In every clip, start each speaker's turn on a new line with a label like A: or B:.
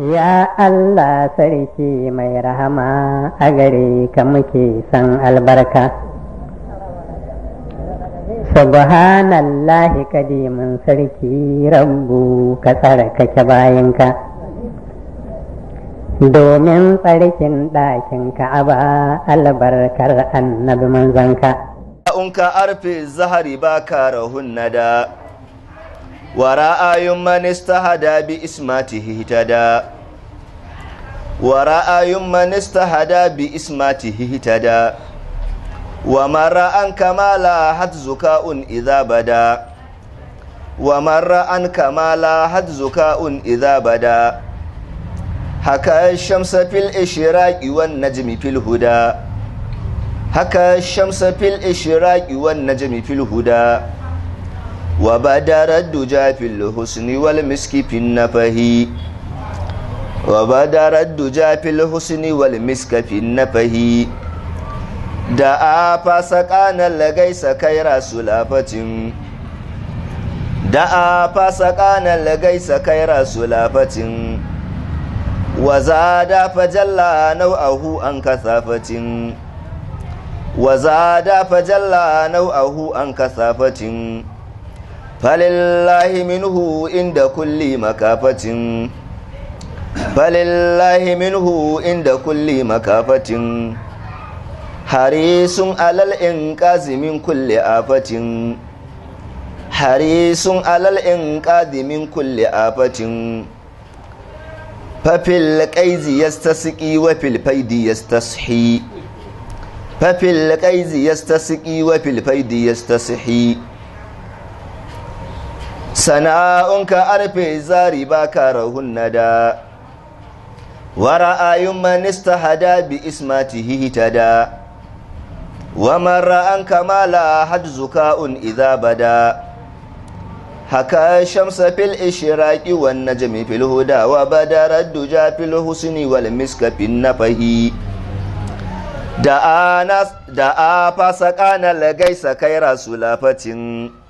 A: Ya Allah sarki mai rahama a gare ka muke san albarka. Subhanallahi kadimin sarki rabbu ka tsarkake bayanka. Domin tsarkin ɗakin ka'aba albarkar annabi manzanka.
B: Unka arfe zahari ba ka rahun nada. ورأي من استهدى بإسماته اهتدى ورأي من استهدى بإسماته اهتدى ومر أن كما لاحت زكاء إذا بدا ومر أن كما لاحت زكاء إذا بدا حكى الشمس في الإشراق والنجم في الهدى حكى الشمس في الإشراق والنجم في الهدى وبدر الدجى في الحسن والمسك في النفه وبدر الدجى في الحسن والمسك في النفه دعا فسقان لغيس كير سلافة دعا فسقان لغيس كير سلافة وزاد فجلى نوعه عن كثافة وزاد فجلى نوعه عن كثافة falillahi minuhu inda kulli makafacin hari sun alal in kazimin kulle afacin hari sun alal in kazimin kulle afacin fafil kaizi ya sta siki wa filfaidi kaizi ya sta siki wa sana'unka arfe zari ba ka rahun nada wa ra'ayun manista hada bi ismatihi da. wa mara an kamala hajzuka'un iza bada haka shamsa fil ishiraki wan najmi fil huda wa badara duja fil husni wal miska fin nafahi da ana da a gaisa lagaisa kai rasulafatin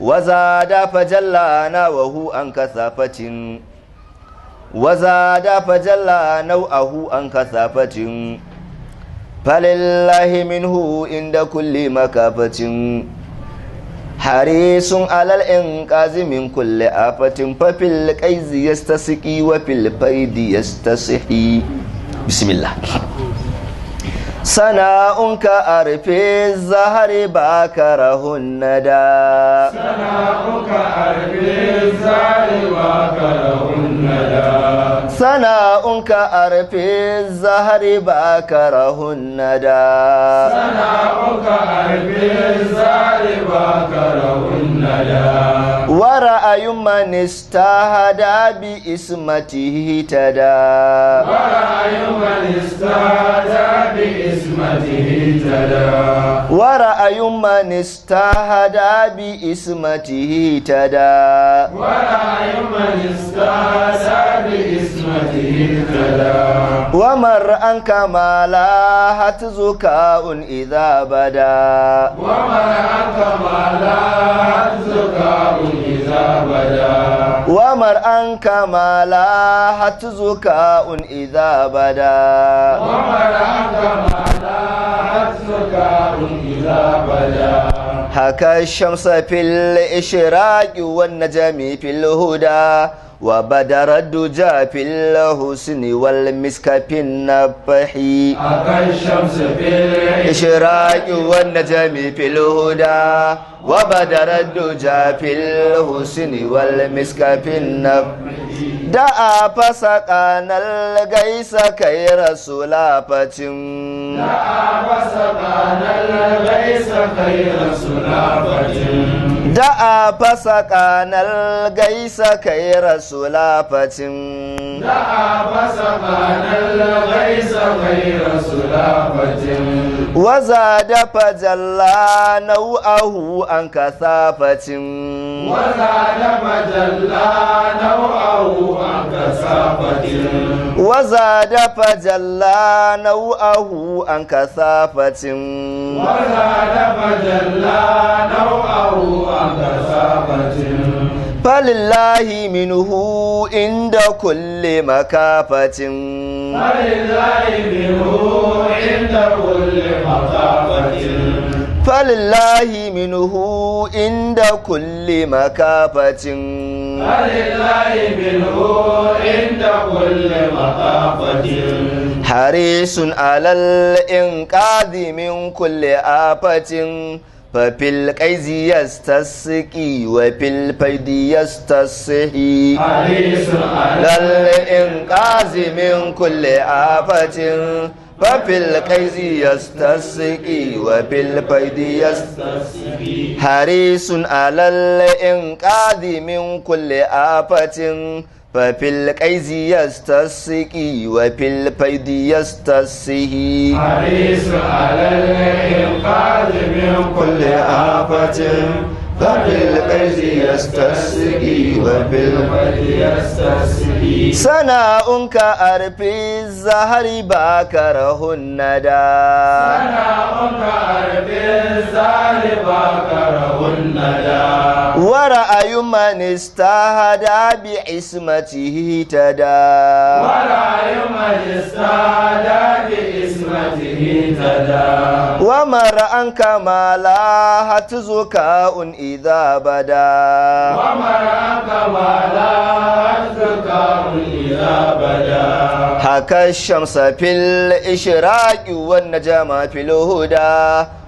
B: Wazada fajara nawa hu anka safacin wazada fajara nau a hu anka safacin. Falilahi inda kulle makafacin hare sun alale in kazimi kule a fatin fa fili kaizi ya ta saki fili سناء كأرف الزهر باكره الندى
C: سناء كأرف الزهر بكره الندى
B: سناء كأرف الزهر باكره الندى
C: سناء كأرف الزهر بكره الندى
B: هداي من استهدى بإسمته تدى ورأي من استهدى بإسمته تدى ورأي من استهدى بإسمته تدى ورأي
C: من استهدى
B: ومر أنك ما لا هتزكاء إذا بدا ومر أنك
C: ما لا هتزكاء إذا بدا
B: ومر أنك ما لا هتزكاء إذا بدا ومر أنك ما
C: لا هتزكاء إذا بدا
B: هكا الشمس في الإشراق والنجم في الهدى wa badara duja fila husni wal miskafin na fahi akan
C: shamsu fili
B: ishiraki wanda jami fili huda wa badara duja fila husni wal miskafin na da a fasa kanar gaisa kai rasu lafacin da
C: fasa kanar gaisa kai rasu lafacin
B: da'a fasaka nal gaisa kai rasula fatin
C: da'a fasaka nal gaisa kai rasula fatin
B: waza da fajalla nau'ahu an kasafatin
C: waza da fajalla nau'ahu an
A: kasafatin
B: waza da fajalla nau'ahu an
C: kasafatin waza da fajalla nau'ahu
B: fa lillahimin hu inda kulle maka fatin. fa
C: inda kulle makafacin
B: fatin. fa lillahimin hu inda kulle maka fatin. fa inda
C: kulle maka fatin.
B: harisun alalla'in kadimi kulle a Fa fila kaizi, yastaski wa fila faidiyastasi. Har yi suna lallai min kulle afacin. Fa kaizi, yastaski wa fila faidiyastasi. Hari sun alalla in-kazi min kulle afacin. وفي القيز يستسقي وفي الفيض يستسه حريص على الإنقاذ
C: من كل آفة Waɗil ɗari ɗari arfi zahari baka rahun na da.
B: Sana'un ka zahari baka
C: rahun na da.
B: Wala ayu minista hadabi isma'il ta da.
C: Wala برحمته تدا
B: ومرأ كما لا هتزكاء إذا بدا
C: ومرأ كما لا هتزكاء إذا بدا
B: هكا الشمس في الإشراق والنجم في الهدى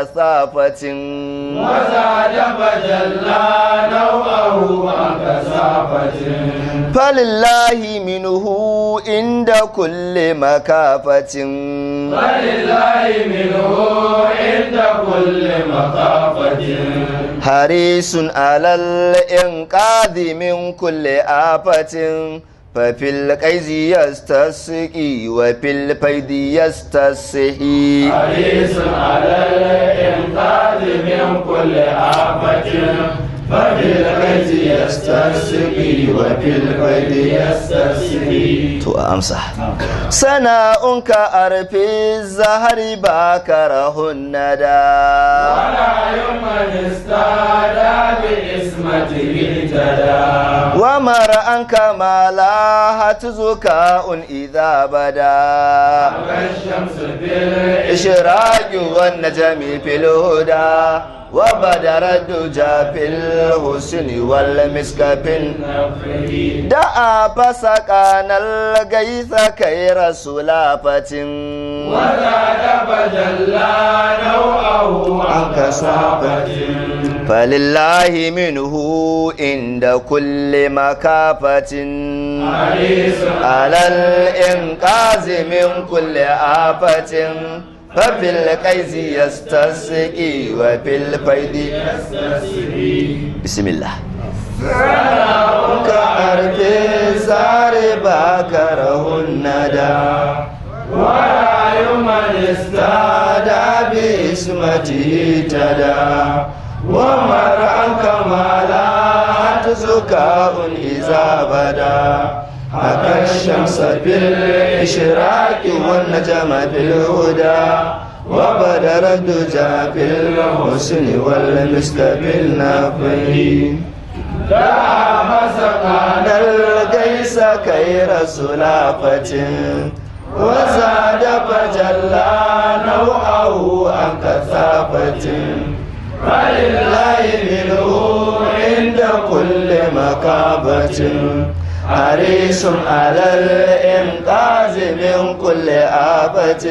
B: kasafacin maza da bajalla nau'ahu a kasafacin falillahi minuhu inda kulle makafacin falillahi minuhu
C: inda kulle makafacin
B: harisun alal'in kadimin kulle afacin Fafil ƙaizi ya tasiri wa filfaidi ya tasiri. Ali sun alalai من كل آفة
C: To a amsa.
B: Sana'unka a rufe zahari ba ka rahun nada. Wala
C: yin manista da bi ismati da. Wa
B: mara'anka mala hatu ka un idha bada. Akan shamsu fil. Ishiragi wan najami fil huda. Waɓa da raju ja-fil-un sun miskafin? Da a fa gaisa kai rasu lafatin.
C: fatin?
B: Fa lullahi min hu in da kulle maka fatin. Ayesa. A lallin
C: ƙazi
B: min kulle a Fafil kaisi ya stasi ki wa fil faidi ya stasi
C: uka arke sare baka rahun nada Wala yuma nista da bi ismati tada Wa mara anka mala hatu zuka un izabada حكى الشمس بالإشراق والنجم بالهدى وبدر الدجى بالحسن والمسك بالنقي دعا مسقان القيس كي رسول وزاد فجلى نوعه عن كثافة فلله منه عند كل مكابة حريص على الإنقاذ من كل آفة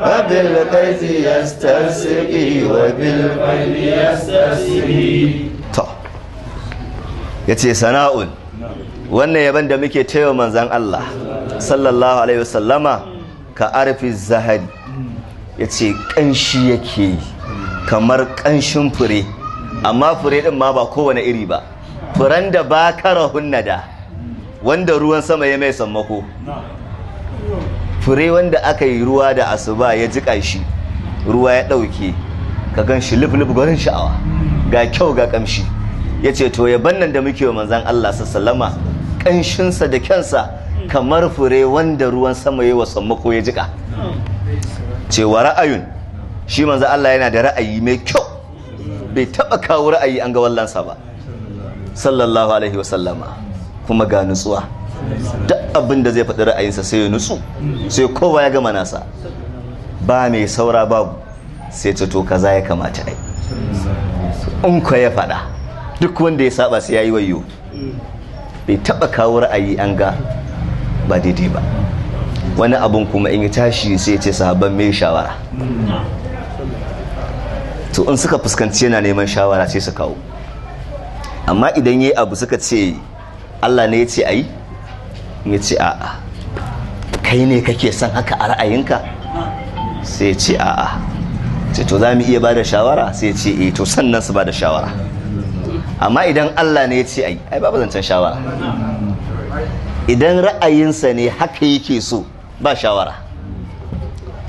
C: فبالقيد يستسقي وبالقيد يستسقي
B: yace sana'un wannan yaban da muke taiwa manzan Allah sallallahu alaihi wasallama ka arfi zahari yace kanshi yake kamar kanshin fure amma fure din ma ba kowane iri ba furen da ba karahun nada wanda ruwan sama ya mai sammako fure wanda aka yi ruwa da asuba ya jiƙa shi ruwa ya ɗauke ka gan shi lif gwarin sha'awa ga kyau ga ƙamshi ya ce to yaban nan da muke wa manzan Allah salama ƙanshinsa da kyansa kamar fure wanda ruwan sama ya wasan mako ya jika cewa ra'ayun shi manzan Allah yana da ra'ayi mai kyau bai taɓa kawo ra'ayi an ga wallansa ba sallallahu alaihi wasallama kuma ga nutsuwa duk abin da zai faɗi ra'ayinsa sai ya nutsu sai kowa ya gama nasa ba mai saura babu sai ta to kaza ya kamata ai in kwa ya faɗa duk wanda ya saba sai ya yi wayo bai taba kawo ra'ayi an ga ba daidai ba wani abun kuma in ya tashi sai ce sahabban mai shawara to in suka fuskanci yana neman shawara sai su kawo amma idan ya yi abu suka ce Allah ne ya ce a yi ya ce a'a kai ne kake son haka a ra'ayinka sai ya ce a'a ce to za mu iya ba da shawara sai ya ce eh to sannan su ba da shawara amma idan Allah ne ya ce a yi ai babu zancen shawara idan ra'ayinsa ne haka yake so ba shawara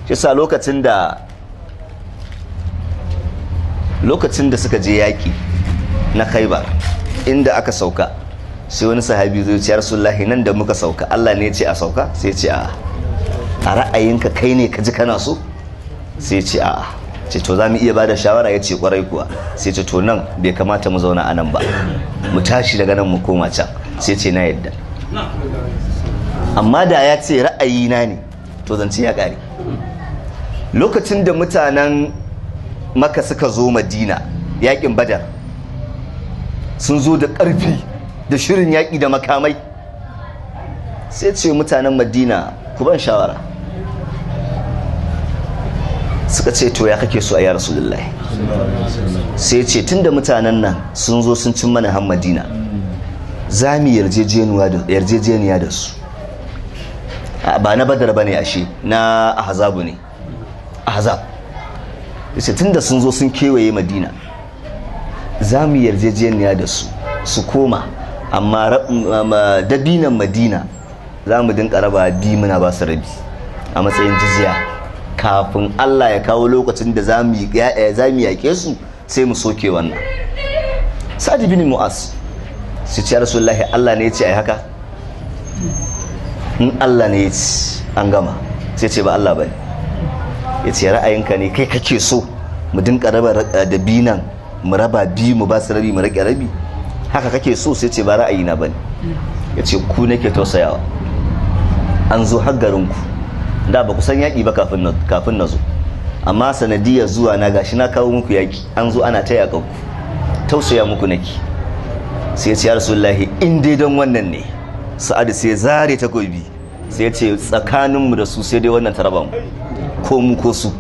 B: shi sa lokacin da lokacin da suka je yaƙi na khaibar inda aka sauka sai wani sahabi zai ce rasulullahi nan da muka sauka Allah ne ce a sauka sai ce a a ra'ayinka kai ne ka ji kana so sai ce a ce to za mu iya bada shawara ya ce kwarai kuwa sai ce to nan bai kamata mu zauna a nan ba mu tashi daga nan mu koma can sai ce na yadda amma da ya ce ra'ayina ne to zance ya kare lokacin da mutanen maka suka zo madina yakin badar sun zo da ƙarfi da shirin yaƙi da makamai sai ce mutanen madina ku ban shawara suka ce to ya kake so a yara rasulullahi sai ce tun da mutanen nan sun zo sun cin mana han madina za mu yarjejeniya da su ba na badar ba ne ashe na ahazabu ne ahazab. sai tun da sun zo sun kewaye madina za mu yarjejeniya da su su koma amma dabinan madina za mu dinka raba bi muna ba su rabi a matsayin jizya kafin allah ya kawo lokacin da za mu yaƙe su sai mu soke wannan sadi bin mu'as su ce rasulullahi allah ne ya ce ai haka in allah ne ya an gama sai ce ba allah ba ne ya ce ra'ayinka ne kai kake so mu dinka raba dabinan mu raba bi mu ba su rabi mu rage rabi haka kake so sai ce ba ra'ayi na bane ya ce ku nake tausayawa an zo har ku da ba ku san yaƙi ba kafin na zo amma sanadiyar zuwa na gashi na kawo muku yaƙi an zo ana ta yaƙan ku tausaya muku nake sai ya ce ya rasulullahi in dai don wannan ne sa'adu sai zare takobi sai ya ce tsakaninmu da su sai dai wannan ta raba ko mu ko su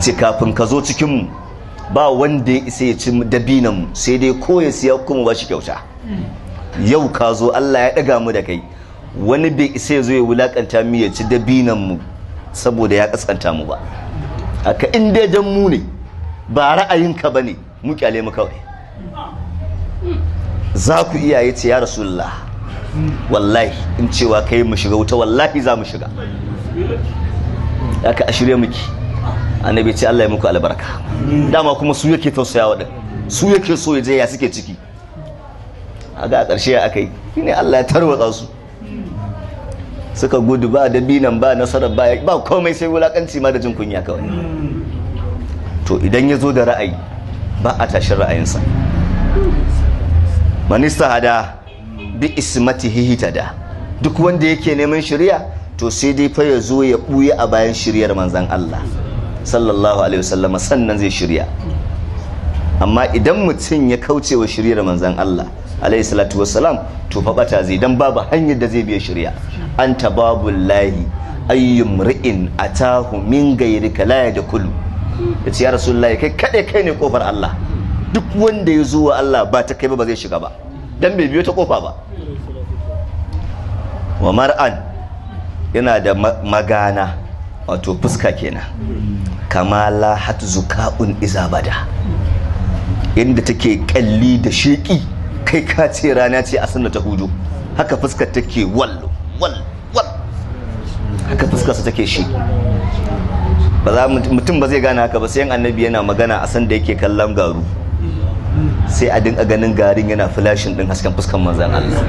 B: ce kafin ka zo cikinmu ba wanda ya isa ya ci dabinan mu sai dai ko ya siya kuma ba shi kyauta yau ka zo Allah ya ɗaga mu da kai wani bai isa ya zo ya wulakanta mu ya ci dabinan mu saboda ya kaskanta mu ba haka in dai dan mu ne ba ra'ayinka bane mu kyale mu kawai za ku iya yace ya rasulullah wallahi in cewa kai mu shiga wuta wallahi za mu shiga haka a shirye muke annabi ce Allah ya muku albarka dama kuma su yake wa din su yake so ya je ya suke ciki a ga ƙarshe ya aka yi shine Allah ya tarwatsa su suka gudu ba da binan ba nasarar ba ba komai sai wulakanci ma da jin kunya kawai to idan ya zo da ra'ayi ba a tashin ra'ayinsa manista hada bi ismati da duk wanda yake neman shirya to sai dai fa ya zo ya ɓuya a bayan shiryar manzan Allah sallallahu alaihi wasallam sannan zai shirya amma idan mutum ya kauce wa shiryar manzon Allah alaihi salatu wassalam to fa bata zai dan babu hanyar da zai biya shirya anta babul lahi ayyum ri'in atahu min kala la yadkhulu yace ya rasulullahi kai kade kai ne kofar Allah duk wanda ya zuwa Allah ba ta kai ba zai shiga ba dan bai biyo ta kofa ba wa mar'an yana da magana wato fuska kenan kamala lahat zuka'un iza inda take kalli da sheki kai ka ce rana ce a sanna ta hudu haka fuska take wallo wal wal haka fuskarsa take shi ba za mutum ba zai gane haka ba sai annabi yana magana a sanda yake kallon garu sai a dinga ganin garin yana flashin din hasken fuskan manzan Allah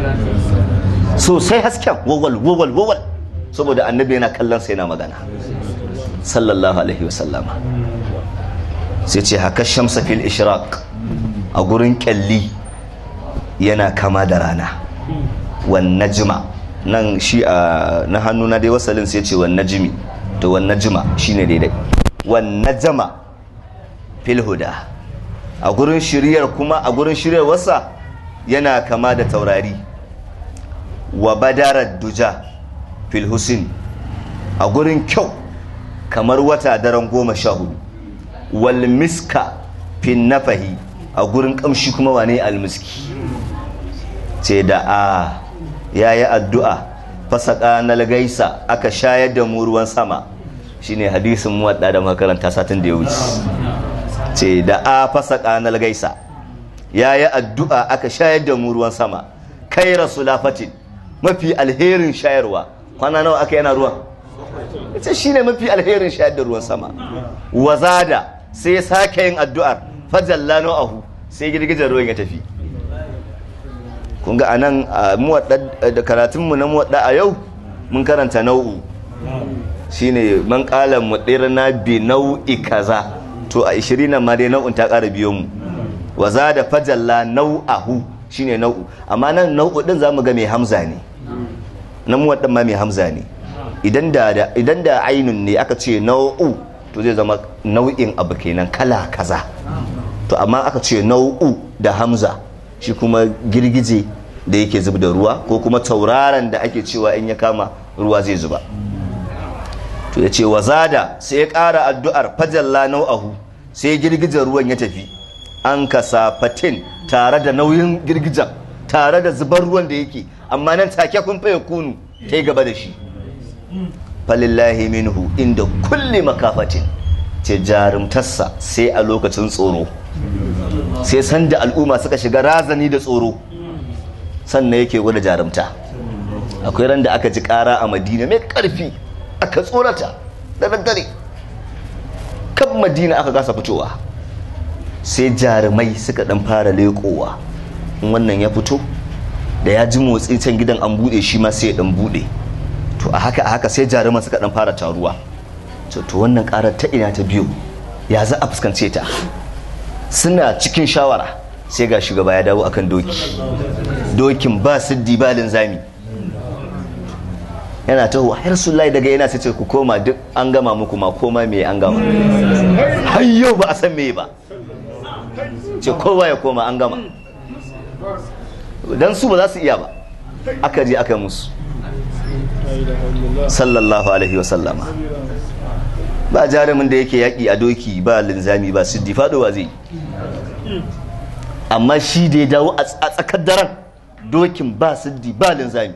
B: so sai hasken wawal wawal wawal saboda annabi yana kallon sai yana magana sallallahu alaihi wasallama sai ce haka shamsa fil ishraq a gurin kyalli yana kama da rana wan najma nan shi a na hannu na dai wasalin sai ce wan najmi to wan najma shine daidai wan najma fil huda a gurin shiriyar kuma a gurin shiriyar wasa yana kama da taurari wa badarar duja fil husin a gurin kyau kamar wata daren goma sha hudu wal miska na nafahi a gurin kamshi kuma wane almiski ce da a yayi addu'a fasaka na lagaisa aka shayar da muruwan sama. sama shine hadisin muwadda da makaranta satin da ya wuce ce da a fasaka na lagaisa yayi addu'a aka shayar da muruwan sama kai rasulafatin mafi alherin shayarwa kwana nawa aka yana ruwan ita shine mafi alherin shayar da ruwan sama wazada sai ya sake yin addu'ar fajalla ahu sai girgizar ruwan ya tafi kun ga anan da karatunmu na muwaɗa a yau mun karanta nau'u shine man kala na bi nau'i kaza to a ishirin na ma dai nau'un ta ƙara biyo mu waza da fajalla nau'ahu ne nau'u amma nan nau'u din mu ga mai hamza ne na wadda ma mai hamza ne idan da ainun ne aka ce nau'u to zai zama nau'in abu kenan kala kaza to amma aka ce nau'u da hamza shi kuma girgije da yake zub da ruwa ko kuma tauraron da ake cewa in ya kama ruwa zai zuba to ya ce wa zada sai ya ƙara addu'ar fajalla nau'ahu sai girgijen ruwan ya tafi an kasa fatin tare da nauyin girgijen tare da zubar ruwan da yake amma nan take kun fa yakunu ta yi gaba da shi falillahi minhu inda kulli makafatin ce jarumtarsa sai a lokacin tsoro sai sanda al'umma suka shiga razani da tsoro sannan yake gwada jarumta akwai ran da aka ji kara a madina mai karfi aka tsorata da daddare kan madina aka gasa fitowa sai jarumai suka dan fara lekowa wannan ya fito da ya ji motsi can gidan an bude shi ma sai ya dan bude to a haka a haka sai jaruman suka dan fara taruwa to wannan karar ta ina ta biyu ya za a fuskance ta suna cikin shawara sai ga shugaba ya dawo akan doki dokin ba siddi ba linzami yana ta har su lai daga yana sai ce ku koma duk an gama muku ma koma me an gama har yau ba a san me ba ce kowa ya koma an gama dan su ba za su iya ba aka je aka musu sallallahu alaihi wa sallama ba jarumin da yake yaƙi a doki ba linzami ba siddi wa zai amma shi da ya dawo a tsakar daren dokin ba siddi ba linzami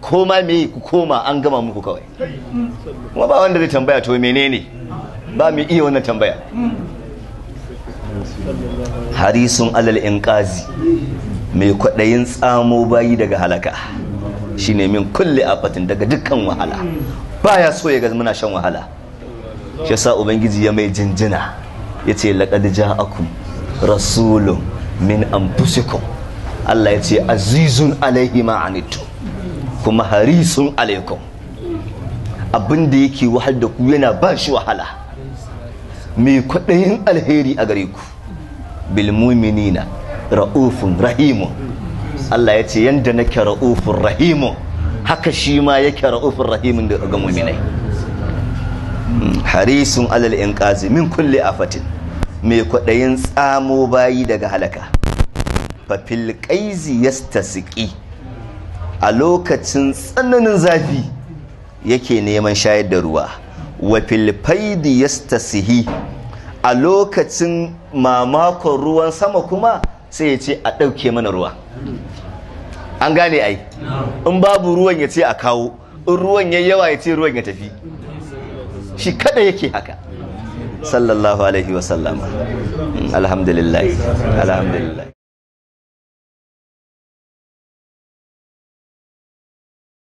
B: koma me ku koma an gama muku kawai kuma ba wanda zai tambaya to menene ba mai iya wannan tambaya harisun alal inqazi mai kwaɗayin tsamo bayi daga halaka shine min kulle a fatin daga dukkan wahala baya so ya ga muna shan wahala shi sa ubangiji ya mai jinjina ya ce laqad ja'akum rasulun min anfusikum Allah ya ce azizun alaihi ma'anitu kuma harisun alaikum abin da yake wahal da ku yana ba shi wahala mai kwaɗayin alheri a gare ku bilmuminina ra'ufun rahimu Allah ya ce yanda nake ra'ufun rahimu haka shi ma yake ra'ufun rahimun da ga muminai hmm, harisun alal kazi min a afatin mai kwaɗayin tsamo bayi daga halaka fafil ya yastasqi a lokacin tsananin zafi yake neman shayar da ruwa wafil faidi ya yastasihi a lokacin mamakon ruwan sama kuma sai ya ce a ɗauke mana ruwa an gane ai in babu ruwan ya ce a kawo in ruwan ya yawa ya ce ruwan ya tafi shi kada yake haka sallallahu alaihi wasallama alhamdulillah alhamdulillah